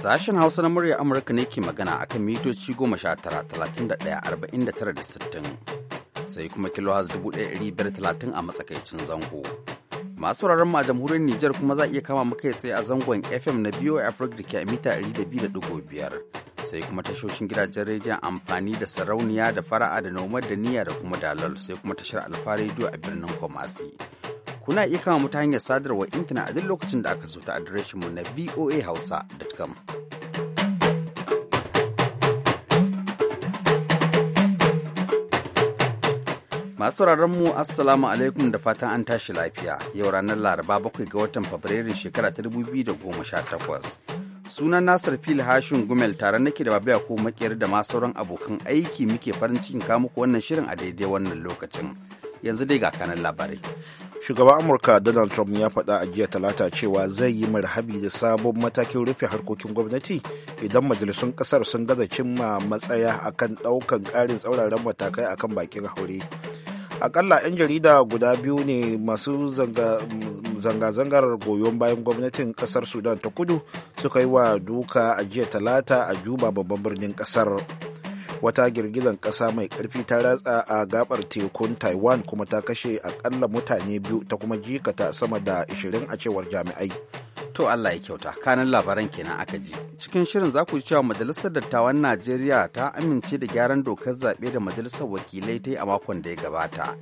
Sashen Hausa na murya Amurka ne ke magana a kan mitoci goma sai kuma kilohaz dubu a matsakaicin zango. Masu wuraren ma jamhuriyar Nijar kuma za a iya kama muka tsaye a zangon FM na a Africa da ke a mita ɗari da biyar. Sai kuma tashoshin gidajen rediyon amfani da sarauniya da fara'a da noma da niyya da kuma dalal sai kuma tashar alfa rediyo a birnin Kumasi. Kuna iya kama mu hanyar sadarwar intanet a duk lokacin da aka zo ta adireshinmu na voahausa.com. Masu mu Assalamu alaikum da fatan an tashi lafiya yau ranar Laraba bakwai ga watan Fabrairun shekara ta dubu biyu da goma sha takwas, Sunan Nasir Fil Hashin Gumel tare nake da babaya ko makiyar da masu sauran abokan aiki muke farin cikin kamuku wannan shirin a daidai wannan lokacin. Yanzu dai ga kanan labarai. shugaban amurka donald trump ya faɗa a jiya talata cewa zai yi marhabi da sabon matakin rufe harkokin gwamnati idan majalisun ƙasar sun gaza cimma matsaya akan ɗaukan ƙarin tsauraran matakai akan bakin haure akalla 'yan jarida guda biyu ne masu zanga-zangar goyon bayan gwamnatin kasar sudan ta kudu suka yi wa duka a jiya talata a juba babban birnin kasar. wata girgizar ƙasa mai karfi ta ratsa a gabar tekun taiwan kuma ta kashe akalla mutane biyu ta kuma jikata sama da 20 a cewar jami'ai to allah ya kyauta kanan labaran kenan aka ji cikin shirin za ku ji cewa majalisar dattawan najeriya ta amince da gyaran dokar zaɓe da majalisar wakilai ta yi a makon da ya gabata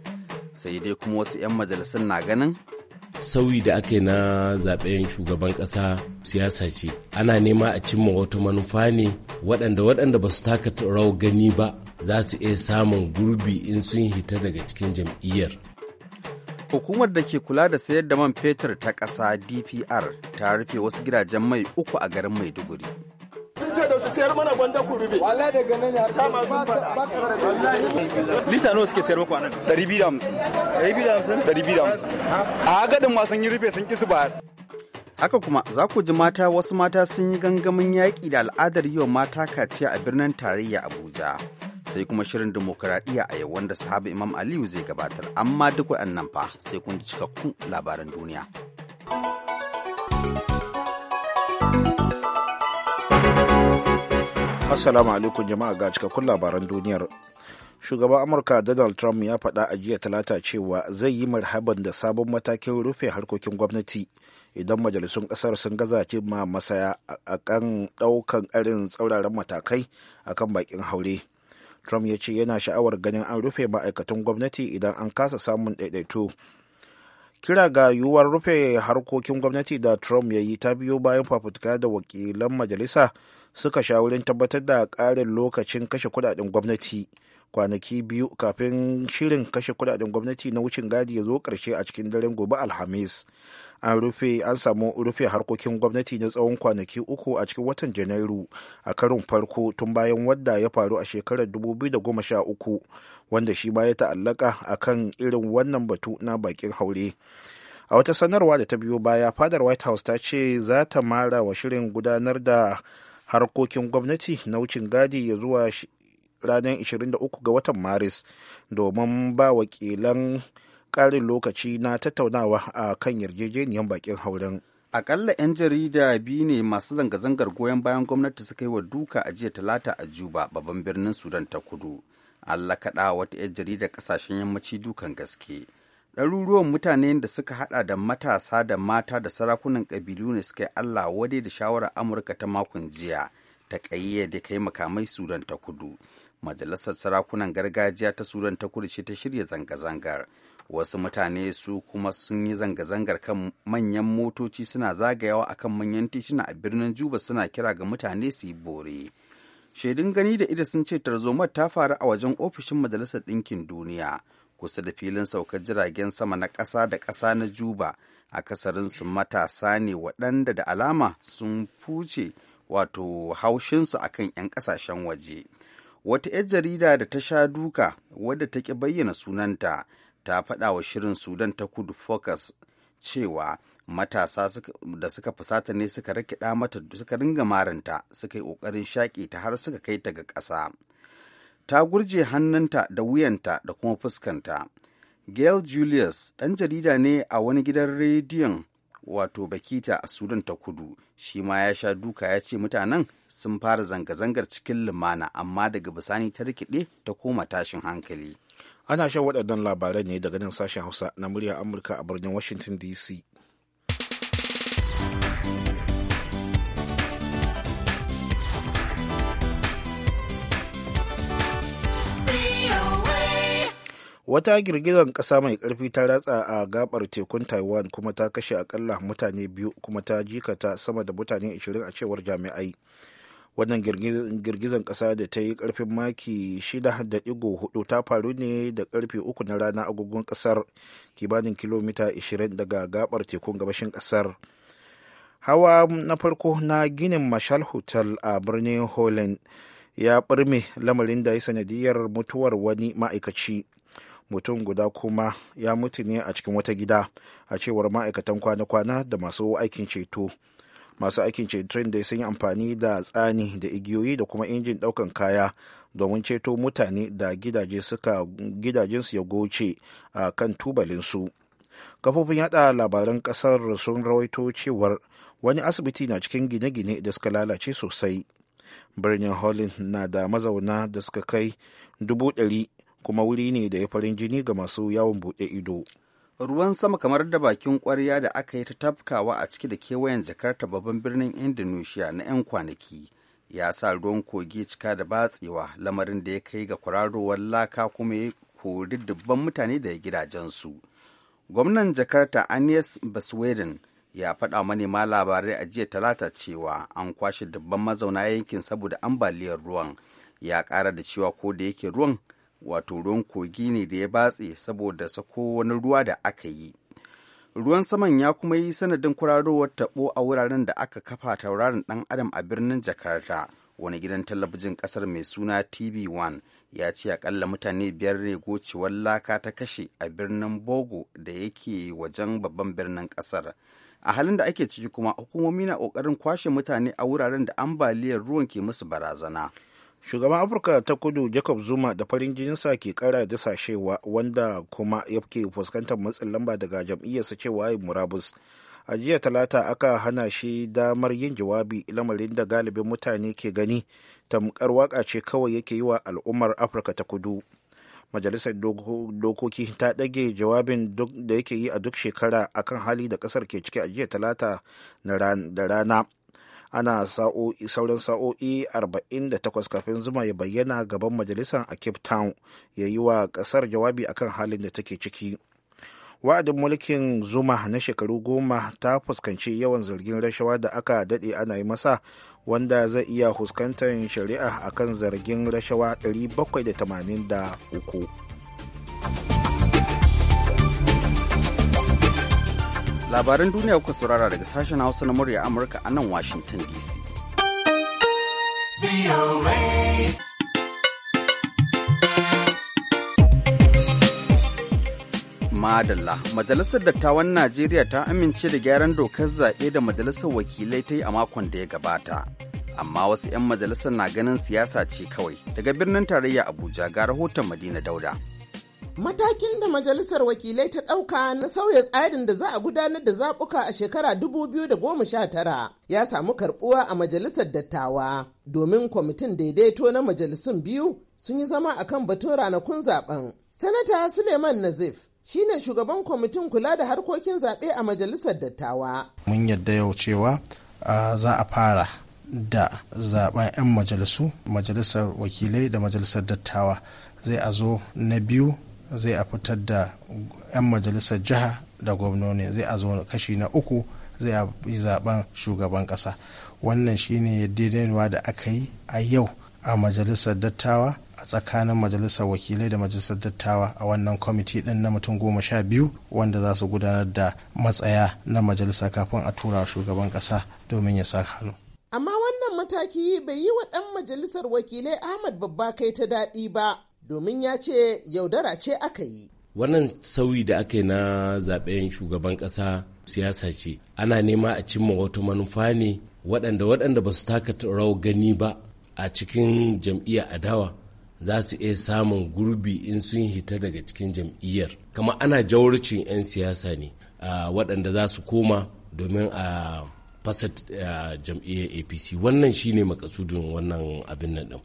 sai dai kuma wasu 'yan majalisar na ganin sauyi da aka yi na zaɓen shugaban ƙasa siyasa ce ana nema a cimma wata manufa ne waɗanda waɗanda ba su taka rawar gani ba za su iya samun gurbi in sun hita daga cikin jam'iyyar hukumar da ke kula da sayar da man fetur ta ƙasa dpr ta rufe wasu gidajen mai uku a garin maiduguri sayar mana gwanda ku rube wallahi daga nan ya ta ma sun fada lita nawa suke sayar muku anan 250 250 250 a gadin ma sun yi rufe sun kisu ba Haka kuma za ku ji mata wasu mata sun yi gangamin yaƙi da al'adar yi wa mata kaciya a birnin tarayya Abuja. Sai kuma shirin demokuraɗiyya a yau wanda sahaba Imam Aliyu zai gabatar, amma duk waɗannan fa sai kun ji cikakkun labaran duniya. Assalamu alaikum jama'a ga cikakkun labaran duniyar. Shugaban Amurka Donald Trump ya faɗa a jiya talata cewa zai yi marhaban da sabon matakin rufe harkokin gwamnati idan majalisun ƙasar sun gaza ma masaya a kan ɗaukan irin tsauraran matakai a kan bakin haure. Trump ya ce yana sha'awar ganin an rufe ma'aikatan gwamnati idan an kasa samun ɗaiɗaito kira ga yiwuwar rufe harkokin gwamnati da trump ya yi ta biyo bayan fafutuka da wakilan majalisa suka sha wurin tabbatar da ƙarin lokacin kashe kudaden gwamnati kwanaki biyu kafin shirin kashe kudaden gwamnati na wucin gadi ya zo karshe a cikin daren gobe alhamis an rufe an samu rufe harkokin gwamnati na tsawon kwanaki uku a cikin watan janairu a karin farko tun bayan wadda ya faru a shekarar 2013 wanda shi ma ya ta'allaka a kan irin wannan batu na bakin haure a wata sanarwa da ta biyo baya fadar white house ta ce za ta mara wa shirin gudanar da harkokin gwamnati na wucin gadi ya zuwa ranar 23 ga watan maris domin ba wakilan ƙarin lokaci na tattaunawa a kan yarjejeniyar bakin hauren akalla 'yan jarida biyu ne masu zanga-zangar goyon bayan gwamnati suka yi wa duka a jiya talata a juba babban birnin sudan ta kudu allah kaɗa wata 'yan jarida ƙasashen yammaci dukan gaske ɗaruruwan mutane da suka haɗa da matasa da mata da sarakunan ƙabilu ne suka yi allah wadai da shawarar amurka ta makon jiya ta ƙayyade kai makamai sudan ta kudu majalisar sarakunan gargajiya ta sudan ta kudu ta shirya zanga-zangar wasu mutane su kuma sun yi zanga-zangar kan manyan motoci suna zagayawa akan manyan tituna a birnin juba suna kira ga mutane su yi bore shaidun gani da ida sun ce tarzomar ta faru a wajen ofishin majalisar ɗinkin duniya kusa da filin saukar jiragen sama na ƙasa da ƙasa na juba su matasa ne waɗanda da alama sun fuce wato haushinsu akan 'yan ƙasashen waje. wata 'yar jarida da ta sha duka wadda ta ki bayyana sunanta ta faɗa wa shirin sudan ta kudu focus cewa matasa da suka fusata ne suka rikida mata suka ringa maranta suka yi ƙoƙarin shaƙi ta har suka kai ta ga ƙasa ta gurje hannunta da wuyanta da kuma fuskanta gail julius ɗan jarida ne a wani gidan rediyon wato bakita a sudan ta kudu shi ma ya sha duka ya ce mutanen sun fara zanga-zangar cikin lumana amma daga bisani ta rikide ta koma tashin hankali ana shan waɗannan labaran ne daga nan sashen hausa na murya amurka a birnin washington dc wata girgizar ƙasa mai karfi ta ratsa a gabar tekun taiwan kuma ta kashe akalla mutane biyu kuma ta jikata sama da mutane 20 a cewar jami'ai wannan girgizar ƙasa da ta yi ƙarfin maki 6.4 ta faru ne da ƙarfe 3 na rana agogon ƙasar kibanin kilomita 20 daga gabar tekun gabashin ƙasar hawa na farko na ginin mashal hotel a birnin holland ya birme lamarin da ya sanadiyar mutuwar wani ma'aikaci mutum guda kuma ya mutu ne a cikin wata gida a cewar ma'aikatan kwana-kwana da masu aikin ceto masu aikin ceton da sun yi amfani da tsani da igiyoyi da kuma injin daukan kaya domin ceto mutane da gidaje suka gidajensu ya goce a kan tubalinsu kafofin yada labaran kasar sun rawaito cewar wani asibiti na cikin gine-gine da suka lalace sosai birnin holland na da mazauna da suka kai dubu kuma wuri ne da ya farin jini ga masu yawon buɗe ido ruwan sama kamar da bakin kwarya da aka yi ta tafkawa a ciki da kewayen jakarta babban birnin indonesia na 'yan kwanaki ya sa ruwan kogi cika da batsewa lamarin da ya kai ga kwararowar laka kuma ya kori dubban mutane da gidajensu gwamnan jakarta Anies baswedan ya faɗa manema labarai a jiya talata cewa an kwashe dubban mazauna yankin saboda ambaliyar ruwan ya ƙara da cewa ko da yake ruwan wato ruwan kogi ne da ya batse saboda sako wani ruwa da aka yi ruwan saman ya kuma yi sanadin kurarowar taɓo a wuraren da aka kafa tauraron ɗan adam a birnin jakarta wani gidan talabijin ƙasar mai suna tv1 ya ce akalla mutane biyar ne gocewar laka ta kashe a birnin bogo da yake wajen babban birnin ƙasar a halin da ake ciki kuma hukumomi na ƙoƙarin kwashe mutane a wuraren da ambaliyar ruwan ke musu barazana shugaban afirka ta kudu jacob zuma da farin jininsa ke kara dasashewa wanda kuma ya ke fuskantar matsin lamba daga jam'iyyarsa cewa ya murabus a jiya talata aka hana shi damar yin jawabi lamarin da galibin mutane ke gani tamkar waka ce kawai yake yi wa al'ummar afirka ta kudu majalisar dokoki ta ɗage jawabin da yake yi a duk shekara akan hali da ƙasar ke ciki a jiya talata da rana ana sauran sa'o'i 48 kafin zuma ya bayyana gaban majalisar a cape town ya yi wa kasar jawabi akan halin da take ciki wa'adin mulkin zuma na shekaru goma ta fuskanci yawan zargin rashawa da aka dade ana yi masa wanda zai iya fuskantar shari'a akan zargin rashawa 783 labaran duniya kuka saurara daga sashen hausa na murya amurka a nan washington dc Madalla, Majalisar Dattawan Najeriya ta amince da gyaran dokar zaɓe da Majalisar Wakilai ta yi a makon da ya gabata. Amma wasu 'yan majalisar na ganin siyasa ce kawai daga birnin tarayya Abuja ga rahoton Madina Dauda. Matakin da Majalisar Wakilai ta ɗauka na sauya tsarin da za a gudanar da zaɓuka a shekara 2019 ya samu karɓuwa a Majalisar Dattawa domin kwamitin daidaito na majalisun biyu sun yi zama a kan batun ranakun zaɓen. Sanata Suleiman Nazif shi ne shugaban kwamitin kula da harkokin zaɓe a Majalisar Dattawa. Mun yadda yau cewa za a fara da zaɓen 'yan majalisu, majalisar wakilai da majalisar dattawa zai a zo na biyu zai a fitar da 'yan majalisar jiha da gwamnoni zai a zo kashi na uku zai a yi zaben shugaban ƙasa wannan shine yarjejeniyar da aka yi a yau a majalisar dattawa a tsakanin majalisar wakilai da majalisar dattawa a wannan kwamiti din na mutum goma sha biyu wanda za su gudanar da matsaya na majalisa kafin a tura shugaban kasa domin ya sa hannu. amma wannan mataki bai yi wa ɗan majalisar wakilai ahmad babba kai ta daɗi ba domin ya ce yaudara ce aka yi. Wannan sauyi da aka yi na zaben shugaban ƙasa siyasa ce ana nema a cimma wata manufa ne waɗanda waɗanda ba su taka rawa gani ba a cikin jam'iyyar adawa za su iya samun gurbi in sun hita daga cikin jam'iyyar kama ana jawarcin 'yan siyasa ne waɗanda za su koma domin a fasa jam'iyyar apc wannan shine makasudin wannan abin nan ɗin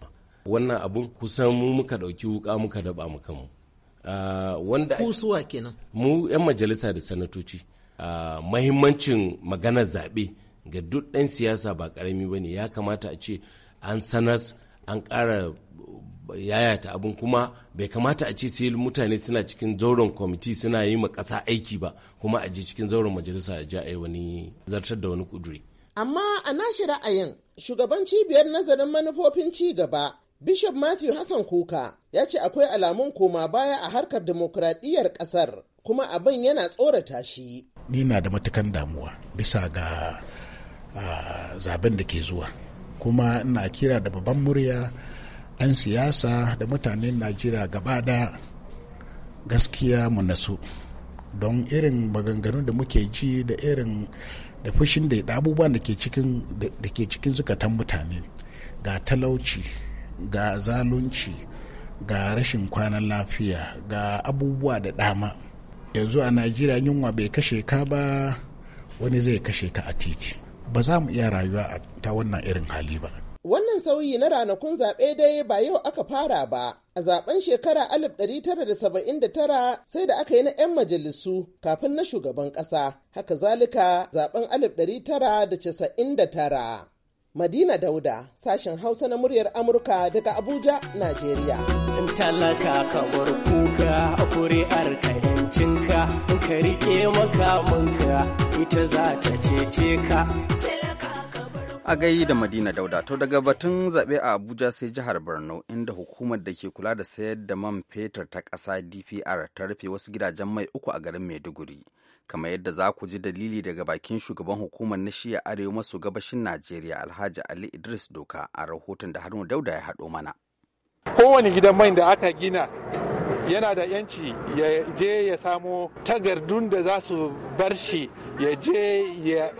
wannan abun kusan mu muka ɗauki wuka muka daba mu kanmu ah, wanda kusuwa kenan mu 'yan majalisa da sanatoci ah, mahimmancin maganar zaɓe ga duk ɗan siyasa ba ƙarami ba ne ya kamata a ce an sanar an ƙara yayata abin kuma bai kamata a ce sai mutane suna cikin zauren kwamiti suna yi ma ƙasa aiki ba kuma a je cikin zauren majalisa a ja'ai wani zartar da wani kuduri. amma a nashi ra'ayin shugaban cibiyar nazarin manufofin ci gaba Bishop Matthew Hassan Kuka ya ce akwai alamun koma baya a harkar demokradiyyar kasar kuma abin yana tsorata shi. Ni na da matukan damuwa bisa ga zaben da ke zuwa. Kuma ina kira da babban murya 'yan siyasa da mutanen Najeriya gaba da gaskiya mu nasu. Don irin maganganun da muke ji da irin da fushin da abubuwan da ke cikin zukatan mutane ga talauci. ga zalunci ga rashin kwanan lafiya ga abubuwa da dama yanzu a najeriya yunwa bai kashe ka ba wani zai kashe ka a titi ba za mu iya rayuwa a ta wannan irin hali ba wannan sauyi na ranakun zaɓe dai ba yau aka fara ba a zaben shekara 1979 sai da aka yi na 'yan majalisu kafin na shugaban ƙasa haka zalika zaben 1999 Madina Dauda, sashen Hausa na muryar Amurka daga Abuja, Najeriya. In talaka ka bar kuka a kuri'ar ka yancinka, in ka rike makamanka ita za ta cece ka. a gayi da madina dauda to daga batun zaɓe a abuja sai jihar borno inda hukumar da ke kula da sayar da man fetur ta ƙasa dpr ta rufe wasu gidajen mai uku a garin maiduguri kamar yadda za ku ji dalili daga bakin shugaban hukumar na shiya arewa maso gabashin najeriya alhaji ali idris doka a rahoton da haruna dauda ya haɗo mana kowane gidan mai da aka gina yana da yanci ya je ya samo tagardun da za su bar shi ya je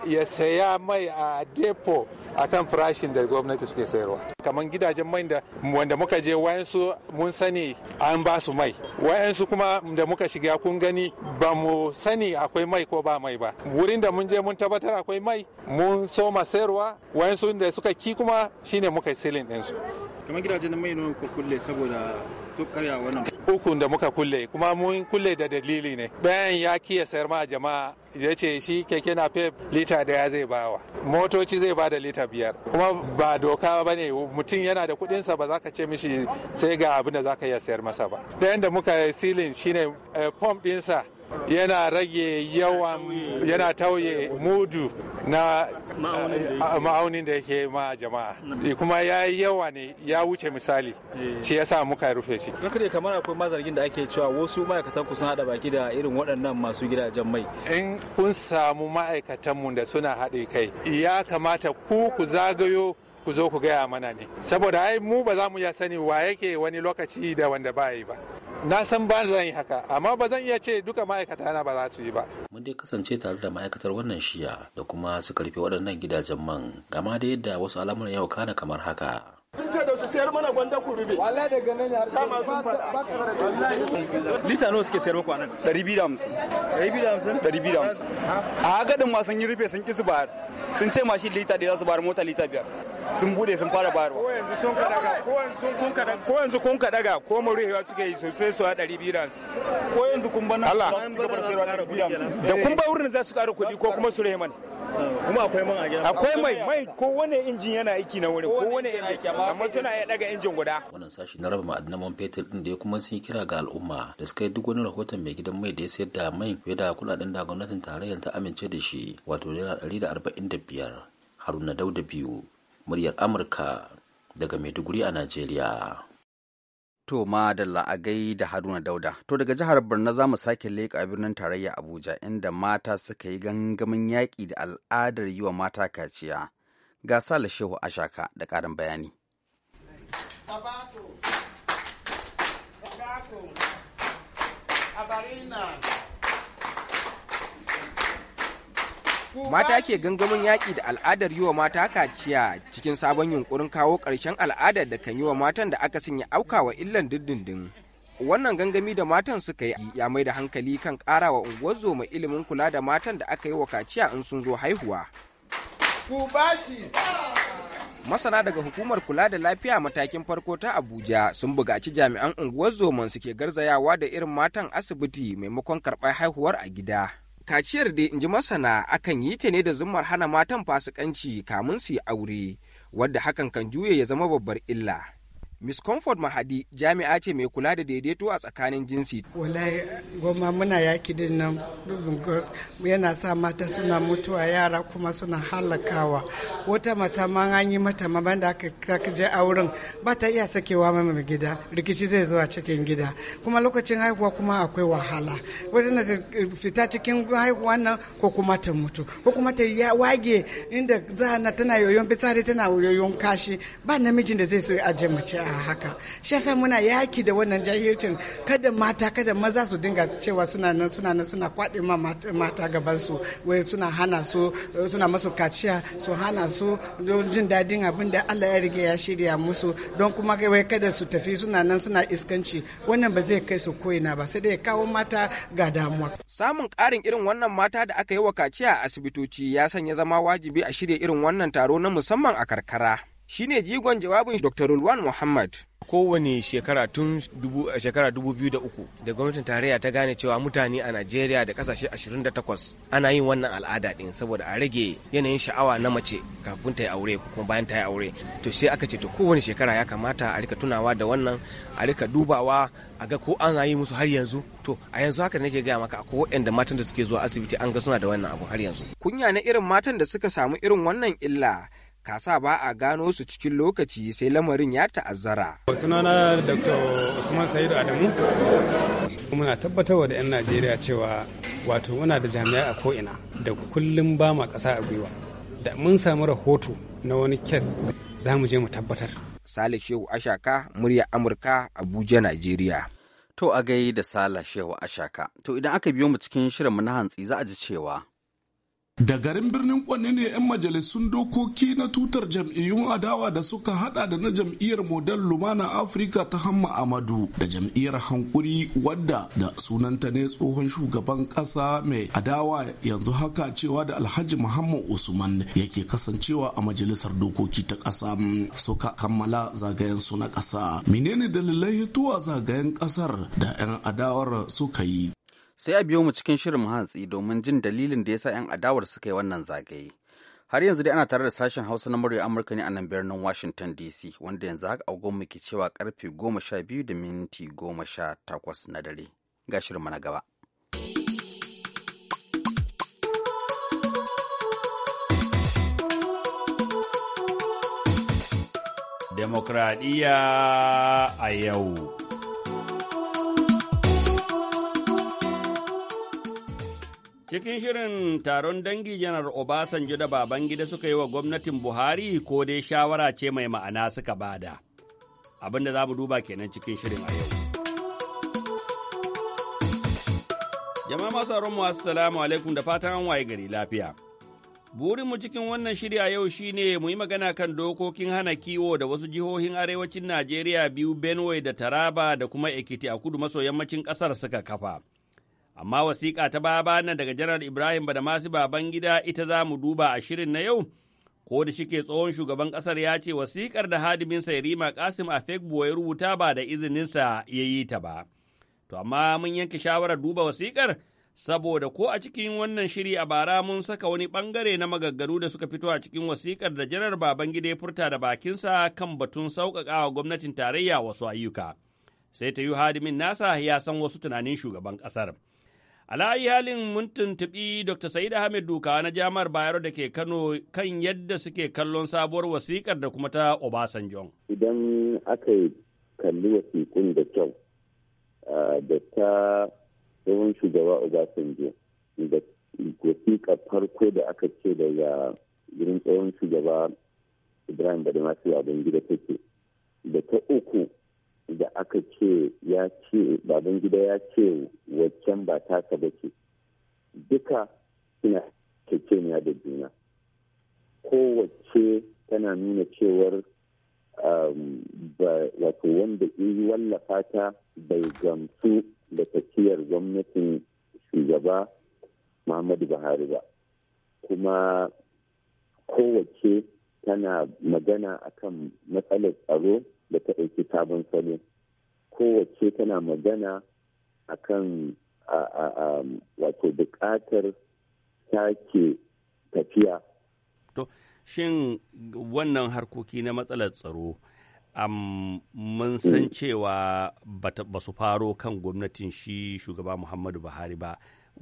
ya saya mai a depo akan farashin da gwamnati suke sayarwa kamar gidajen mai da wanda muka je wayansu mun sani an ba su mai wayansu kuma da muka shiga kun gani ba mu sani akwai mai ko ba mai ba wurin da mun je mun tabbatar akwai mai mun soma sayarwa wayansu da suka ki kuma shine muka yi silin ɗinsu kamar gidajen mai ne kulle saboda ukun da muka kulle kuma mun kulle da dalili ne bayan ya kiya sayar ma jama'a ya ce shi keke na pep lita daya zai bawa motoci zai bada lita biyar kuma ba doka ba ne mutum yana da kudinsa ba za ka ce mishi sai ga abin da za ka iya sayar masa ba ɗayan da muka silin shine eh, pomp ɗinsa yana rage yawan yana tauye mudu na ma'aunin da yake ma jama'a mm. kuma ya yi yawa ne ya wuce misali eh. shi ya sa muka rufe shi zakari kamar akwai mazargin da ake cewa wasu ma'aikatan ku sun hada baki da irin waɗannan masu gidajen mai in kun samu ma'aikatanmu da suna haɗe kai ya kamata ku ku zagayo ku zo ku gaya mana ne saboda ai mu ba za mu iya sani wa yake wani lokaci da wanda ba yi ba na san ba zan yi haka amma ba zan iya ce duka ma'aikata na ba za su yi ba mun dai kasance tare da ma'aikatar wannan shiya da kuma su karfe waɗannan gidajen man gama da yadda wasu al'amuran yau kana kamar haka Sun ce da su sayar mana gwanda ku Wallahi daga nan ya ta ma sun faɗa. Lita nawa suke sayar muku anan? Ɗari biyu da hamsin. Ɗari biyu da hamsin? biyu da hamsin. A hagadin ma sun yi rufe sun kisu bayar. Sun ce mashin lita da za su bayar mota lita biyar. Sun bude sun fara bayarwa. Ko yanzu sun ka daga ko yanzu kun ka daga ko yanzu kun ka daga ko suke yi sosai su a ɗari biyu da hamsin. Ko yanzu kun bana. Allah. Da kun ba wurin za su kara kuɗi ko kuma su rehe mana. kuma akwai man a gida akwai mai mai ko wani injin yana aiki na wuri ko wani injin amma suna ya daga injin guda wannan sashi na raba ma'adanan man fetur din da ya kuma sun kira ga al'umma da suka yi duk wani rahoton mai gidan mai da ya sayar da mai fiye da kudaden da gwamnatin tarayyar ta amince da shi wato naira ɗari da arba'in da biyar haruna dauda biyu muryar amurka daga maiduguri a najeriya To da la'agai da Haruna Dauda. To daga jihar Borno za mu sake leƙa birnin tarayya Abuja inda mata suka yi gangamin yaƙi da al'adar yi wa mata kaciya. Ga Sale Shehu Ashaka da ƙarin bayani. Abarina. mata ke gangamin yaƙi da al'adar yi wa mata kaciya cikin sabon yunkurin kawo ƙarshen al'adar da kan yi wa matan da aka sanya wa illan dindindin wannan gangami da matan suka yi ya mai da hankali kan ƙara wa unguwar zoma ilimin kula da matan da aka yi wa kaciya in sun zo haihuwa masana daga hukumar kula da lafiya matakin farko ta abuja sun bugaci jami'an unguwar zoman suke garzayawa da irin matan asibiti maimakon karɓar haihuwar a gida Kaciyar da inji masana akan yi ta ne da zumar hana matan fasikanci kamun su yi aure, wadda hakan kan juya ya zama babbar illa. Miss Comfort Mahadi jami'a ce mai kula da daidaito a tsakanin jinsi. Wallahi goma muna yaki din nan yana sa mata suna mutuwa yara kuma suna halakawa. Wata mata ma an yi mata ma banda aka je auren ba ta iya sakewa mai gida rikici zai zo a cikin gida kuma lokacin haihuwa kuma akwai wahala. Wadanda ta fita cikin haihuwa nan ko kuma ta mutu ko kuma ta wage inda na tana yoyon fitsari tana yoyon kashi ba namijin da zai so ya aje mace a haka shi yasa muna yaki da wannan jahilcin kada mata kada maza su dinga cewa suna nan suna nan suna kwaɗe ma mata gaban su wai suna hana su suna masu kaciya su hana su don jin dadin abin da Allah ya riga ya shirya musu don kuma wai kada su tafi suna nan suna iskanci wannan ba zai kai su koyina ba sai dai kawo mata ga damuwa samun ƙarin irin wannan mata da aka yi wa kaciya a asibitoci ya sanya zama wajibi a shirya irin wannan taro na musamman a karkara shi ne jigon jawabin Dr. Rulwan Muhammad. kowane shekara tun shekara 2003 da gwamnatin tarayya ta gane cewa mutane a najeriya da kasashe 28 ana yin wannan al'ada din saboda a rage yanayin sha'awa na mace kafin ta yi aure ko kuma bayan ta yi aure to sai aka ce to kowane shekara ya kamata a rika tunawa da wannan a rika dubawa a ga ko an yi musu har yanzu to a yanzu haka nake gaya maka akwai waɗanda matan da suke zuwa asibiti an ga suna da wannan abu har yanzu kunya na irin matan da suka samu irin wannan illa kasa ba a gano su cikin lokaci sai lamarin ya ta'azzara. sunana dr usman saidu adamu muna tabbatarwa da 'yan najeriya cewa wato muna da jami'a a ko'ina da kullum ba ma ƙasa a gwiwa da mun samu rahoto na wani kes za mu je mu tabbatar sale shehu ashaka murya amurka abuja najeriya to a gai da sale shehu ashaka to idan aka biyo mu cikin shirin mu na hantsi za a ji cewa Da garin birnin Kwanne ne 'yan majalisun dokoki na tutar jam'iyyun adawa da suka hada da na jam'iyyar Model Lumana Afirka ta Hamma Amadu da jam'iyyar Hankuri wadda da sunanta ne tsohon shugaban kasa mai adawa yanzu haka cewa da Alhaji Muhammad Usman yake kasancewa a majalisar dokoki ta kasa mm, suka kammala zagayen su na kasa. Menene dalilan hituwa zagayen kasar da 'yan adawar suka yi? sai a biyo mu cikin shirin hantsi domin jin dalilin da ya sa 'yan adawar suka yi wannan zagaye. Har yanzu dai ana tare da sashen Hausa na murya Amurka ne a nan birnin Washington DC wanda yanzu haka agogon mu cewa karfe goma sha biyu da minti goma sha takwas na dare. Ga shirinmu na gaba. Demokradiyya a yau. Cikin shirin taron dangi janar Obasanjo da Babangida suka yi wa gwamnatin Buhari ko dai shawara ce mai ma'ana suka bada. Abin da za mu duba kenan cikin shirin a yau. Jama'a masu mu assalamu alaikum da fatan an waye gari lafiya. Burinmu cikin wannan shiri a yau shine mu yi magana kan dokokin hana kiwo da wasu jihohin arewacin Najeriya biyu Benue da Taraba da kuma Ekiti a kudu maso yammacin ƙasar suka kafa. Amma wasiƙa ta baya nan daga Janar Ibrahim Badamasi gida ita za mu duba a shirin na yau. Ko da shike tsohon shugaban ƙasar ya ce wasiƙar da hadiminsa rima Kasim fekbo ya rubuta ba da izininsa ya yi ta ba. To amma mun yanke shawarar duba wasiƙar saboda ko a cikin wannan shiri a bara mun saka wani bangare na magaggaru da suka fito a cikin wasiƙar da janar baban gida ya furta da bakinsa kan batun sauƙaƙawa gwamnatin tarayya wasu ayyuka. Sai ta yi hadimin nasa ya san wasu tunanin shugaban ƙasar. Alayi halin mun tuntuɓi Dr. Sa'id Ahmed Duka na jamar Bayero da ke Kano kan yadda suke kallon sabuwar wasikar da kuma ta Obasanjo. Idan aka kalli wasikun da kyau da ta yawan shugaba Obasanjo da wasikar farko da aka ce daga irin tsawon shugaba Ibrahim Badamasi gida take da ta uku da aka ce ya ce baban gida ya ce waccan ba taka ba ce duka suna kekeniya da juna kowace tana nuna cewar um, wato wanda yi wallafa ta bai gamsu da tafiyar gwamnatin shugaba muhammadu buhari ba kuma kowace tana magana akan matsalar tsaro da ta ɗauki sabon salo kowace tana magana a kan wato buƙatar sake tafiya to shin wannan harkoki na matsalar tsaro um, mun san mm. cewa ba su faro kan gwamnatin shi shugaba muhammadu buhari ba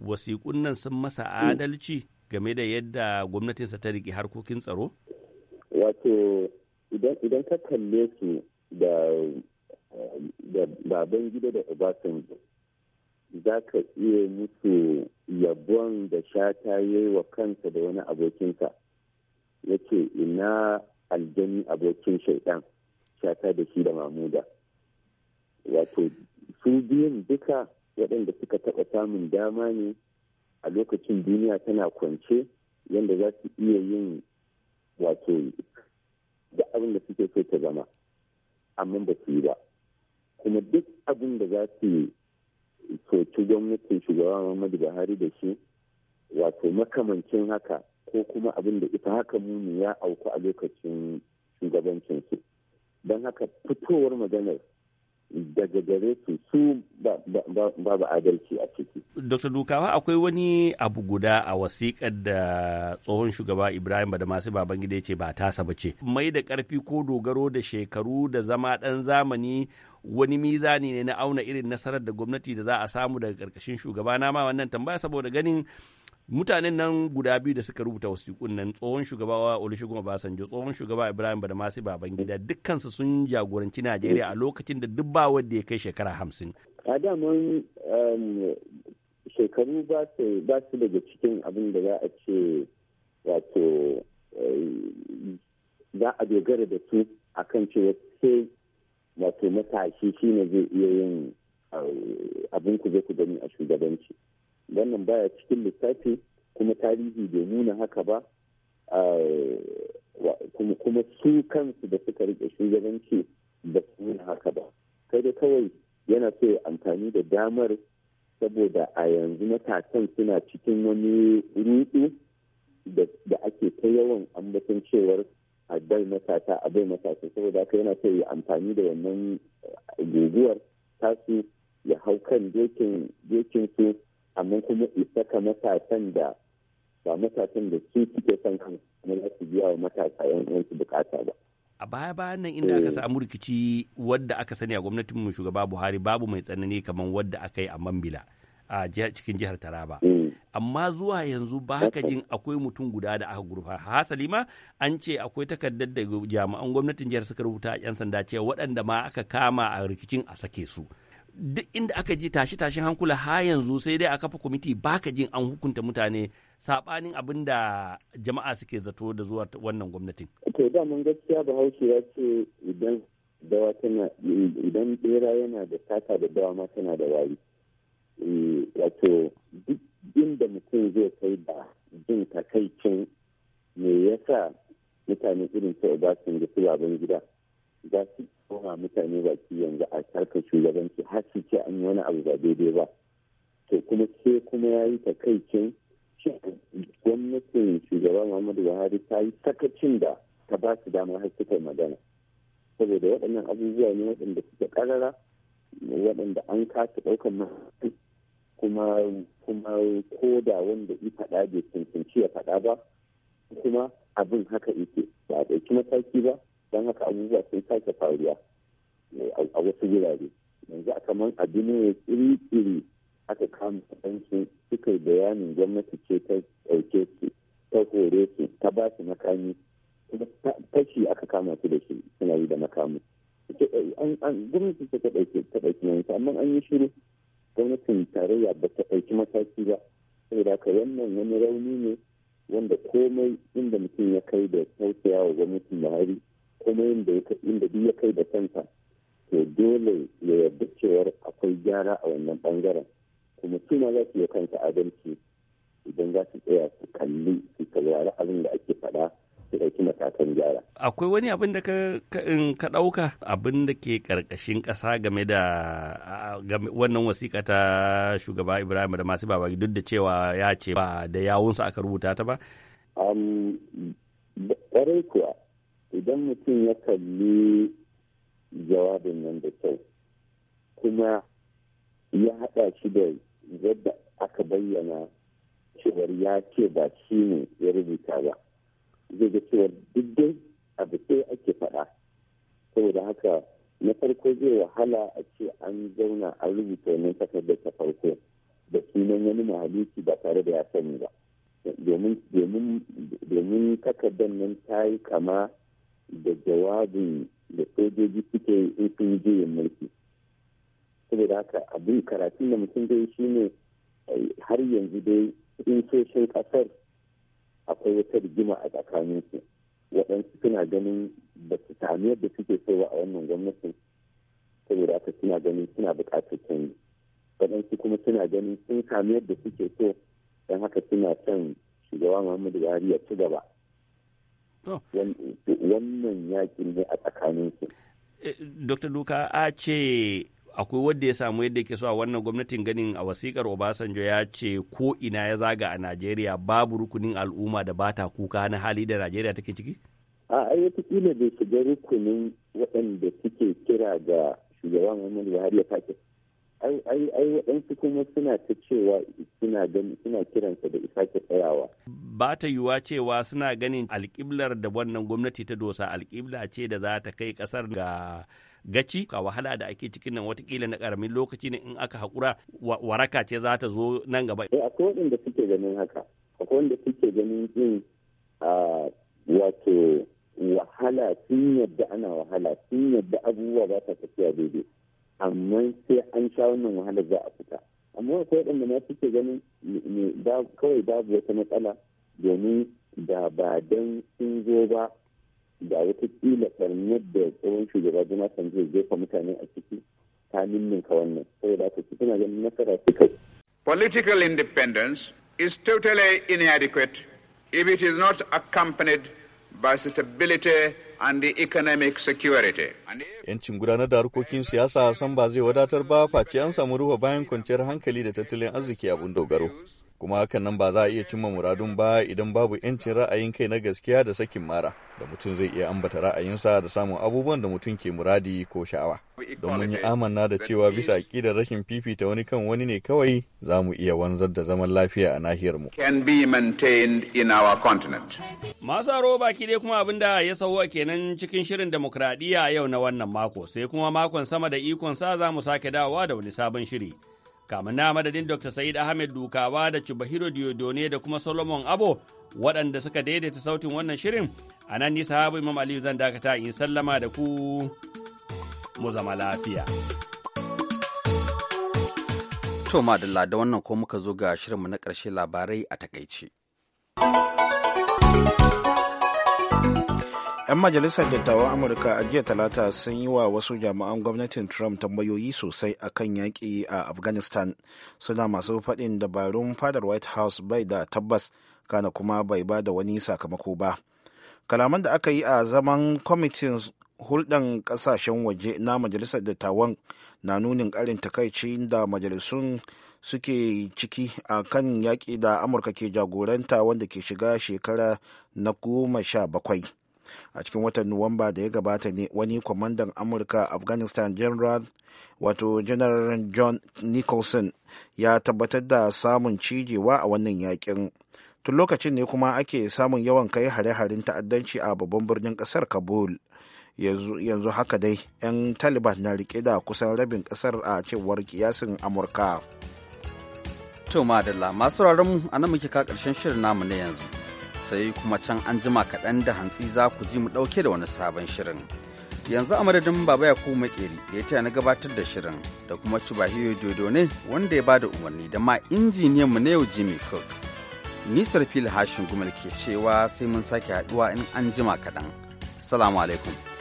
wasiƙun nan sun masa mm. adalci game da yadda gwamnatinsa ta riƙe harkokin tsaro wato idan ka kalle su da baban gida da obasanjo za ka iya musu yabon da shata ya yi wa kansa da wani abokinsa ya ce ina aljani abokin shaidan shata da shi da mamuda wato su biyun duka waɗanda suka taɓa samun dama ne a lokacin duniya tana kwance yadda za su iya yin wato da abin da suke so ta zama amin ba su yi ba kuma duk abin da za su soci gwamnatin shugaba muhammadu buhari da shi wato makamancin haka ko kuma abin da ita haka muni ya auku a lokacin shugabancinsu don haka fitowar maganar daga gare su su babu adalci a ciki. Dr. Dukawa akwai wani abu guda a wasiƙar da tsohon shugaba Ibrahim Badamasi Babangida ya ce ba tasa ba ce. Mai da ƙarfi ko dogaro da shekaru da zama ɗan zamani wani mizani ne na auna irin nasarar da gwamnati da za a samu daga ƙarƙashin shugaba na wannan tambaya saboda ganin mutanen nan guda biyu da suka rubuta wasiƙun nan tsohon shugaba Olusegun Obasanjo tsohon shugaba Ibrahim Badamasi Babangida dukkansu sun jagoranci Najeriya a lokacin da duk ba wanda ya kai shekara hamsin. A daman um, shekaru ba su daga cikin abin da za a ce wato eh, za a dogara da su akan cewa sai wato matashi shine zai iya yin eh, abin ku je ku gani a shugabanci. wannan baya cikin lissafi kuma tarihi bai nuna haka ba kuma su kansu da suka rike shugabanci ba su nuna haka ba kai da kawai yana so ya amfani da damar saboda a yanzu matakan suna cikin wani rudu da ake ta yawan ambaton cewar a bai matata a bai matata saboda haka yana so ya amfani da wannan eh, guguwar tasu ya hau kan dokin su amma kuma isa ka matasan da ba matasan da su suke son kan za su biya wa matasa yan uwansu bukata ba. A baya bayan nan inda aka eh. samu rikici wadda aka sani a gwamnatin mu shugaba Buhari babu mai tsanani kamar wadda aka yi a Mambila a cikin jihar Taraba. Eh. Amma zuwa yanzu ba haka jin akwai mutum guda da aka gurfa. Hasali ma an ce akwai takardar da jami'an gwamnatin jihar suka rubuta a 'yan sanda cewa waɗanda ma aka kama a rikicin a sake su. duk inda aka ji tashi tashi hankula ha yanzu sai dai a kafa kwamiti baka jin an hukunta mutane saɓanin abin da jama'a suke zato da zuwa wannan gwamnatin. To da mun gaskiya Bahaushe ya ce idan dawa tana idan bera yana da sata da dawa ma tana da wari. Eh, wato duk inda mutum zai kai da jin takaicin me yasa mutane irin ta Obasanjo su baban gida za su koma mutane baki yanzu a harkar shugabanci har su ce an yi wani abu ba daidai ba to kuma sai kuma ya yi takaicin gwamnatin shugaba muhammadu buhari ta yi sakacin da ta ba su damar har suka magana saboda waɗannan abubuwa ne waɗanda suka karara. waɗanda an kasa ɗaukar mahaifi kuma kuma ko da wanda i faɗa bai cancanci ya faɗa ba kuma abin haka yake ba a ɗauki mataki ba don haka abubuwa sai sake faruwa eh, a wasu wurare yanzu a kamar a duniya tsiri-tsiri aka kama ɗansu suka bayanin gwamnati ce ta ɗauke su ta hore su ta ba su makami tashi aka kama su da shi suna yi da makami eh, gwamnati ta ɗauke ta ɗauki yanzu amma an yi shiru gwamnatin tarayya ba ta ɗauki mataki ba saboda ka wannan wani rauni ne wanda komai inda mutum ya kai da sautaya wa gwamnatin buhari kuma inda duk ya kai da kansa to dole ya yarda cewar akwai gyara a wannan bangaren kuma suna za su yi kansa adalci idan za su tsaya su kalli su saurari abin da ake faɗa su ɗauki matakan gyara. Akwai wani abin da ka ka ɗauka abin da ke ƙarƙashin ƙasa game da wannan wasiƙa ta shugaba Ibrahim da masu babagi duk da cewa ya ce ba da yawunsa aka rubuta ta ba? Ƙwarai kuwa idan mutum ya kalli jawabin nan da kyau kuma ya haɗa shi da yadda aka bayyana cewar ya ce ba shi ne ya rubuta ba zai ga cewa duk dai abu sai ake faɗa saboda haka na farko zai wahala a ce an zauna a rubuta wannan takardar ta farko da sunan wani mahalicci ba tare da ya sani ba domin takardar nan ta yi kama da jawabin da sojoji suke yi in sun juyin mulki saboda haka abin karatun da mutum dai shi ne eh, har yanzu dai in soshin kasar akwai wata rigima a tsakaninsu waɗansu suna ganin ba su sami yadda suke so a wannan gwamnatin saboda haka suna ganin suna buƙatar canji waɗansu kuma suna ganin sun sami yadda suke so don haka suna son shugaba muhammadu buhari ya ci gaba wannan yakin ne a tsakanin su eh, Dr. Duka a ce akwai wadda ya samu yadda ke so a wannan gwamnatin ganin a wasikar Obasanjo ya ce ko ina ya zaga a Najeriya babu rukunin al'umma da ba ta kuka na hali da Najeriya take ciki? A kila bai shiga rukunin waɗanda suke kira ga shugaban Muhammadu Buhari ya sake ai waɗansu kuma suna ta cewa suna suna kiransa da isake tsayawa. Ba ta yiwuwa cewa suna ganin alƙiblar da wannan gwamnati ta dosa alƙibla ce da za ta kai ƙasar ga gaci ka wahala da ake cikin nan watakila na ƙaramin lokaci ne in aka haƙura waraka ce za ta zo nan gaba. Eh akwai waɗanda suke ganin haka akwai waɗanda suke ganin yin wato wahala sun yadda ana wahala sun yadda abubuwa ba ta tafiya daidai. amma sai an sha wannan wahalar za a fita amma akwai waɗanda na suke ganin kawai babu wata matsala domin da ba don sun zo ba da wata kila ɓarnar da tsohon shugaba zai jefa mutane a ciki wannan su suna ganin nasara su kai. political independence is totally inadequate if it is not accompanied by stability and economic security. Yancin gudanar da harkokin siyasa san ba zai wadatar ba face an samu ruwa bayan kwanciyar hankali da tattalin arziki abun dogaro. kuma hakan nan ba za a iya cimma muradun ba idan babu yancin ra'ayin kai na gaskiya da sakin mara da mutum zai iya ambata ra'ayinsa da samun abubuwan da mutum ke muradi ko sha'awa don mun yi amanna da cewa bisa aƙidar rashin fifita wani kan wani ne kawai za mu iya wanzar da zaman lafiya a nahiyar mu can be maintained in our continent masaro baki dai kuma abinda ya sauwa kenan cikin shirin demokradiyya yau na wannan mako sai kuma makon sama da ikon sa za mu sake dawowa da wani sabon shiri Kamun na madadin Dr. Said Ahmed Dukawa da Chubahiro Diodone da kuma Solomon Abo waɗanda suka daidaita sautin wannan shirin a nan nisa habu Imam Aliyu zan dakata in sallama da ku mu zama lafiya. To madalla da wannan ko muka zo ga shirinmu na ƙarshe labarai a takaice. 'Yan majalisar dattawan Amurka a jiya talata sun yi wa wasu jami'an gwamnatin Trump tambayoyi sosai a kan yaƙi a Afghanistan suna masu faɗin dabarun fadar White House bai da tabbas kana kuma bai ba da wani sakamako ba. Kalaman da aka yi a zaman kwamitin hulɗan ƙasashen waje na majalisar dattawan na nunin ƙarin takaici da majalisun suke ciki a kan yaƙi da amurka ke jagoranta wanda ke shiga shekara na goma sha bakwai a cikin watan nuwamba da ya gabata ne wani kwamandan amurka afghanistan general wato general john nicholson ya tabbatar da samun cijewa a wannan yakin tun lokacin ne kuma ake samun yawan kai hare-haren ta'addanci a babban birnin kasar kabul yanzu haka dai 'yan taliban na rike da kusan rabin kasar a cewar kiyasin amurka to madalla masu mu a nan muke ka karshen shirin namu na yanzu sai kuma can an jima kaɗan da hantsi za ku ji mu ɗauke da wani sabon shirin. Yanzu a madadin Baba Yakubu Makeri da ya taya na gabatar da shirin da kuma Cibahiyo Dodo ne wanda ya bada umarni da ma injiniyan mu na yau Jimmy Cook. Nisar fili hashin gumal ke cewa sai mun sake haɗuwa in an jima kaɗan. Salamu alaikum.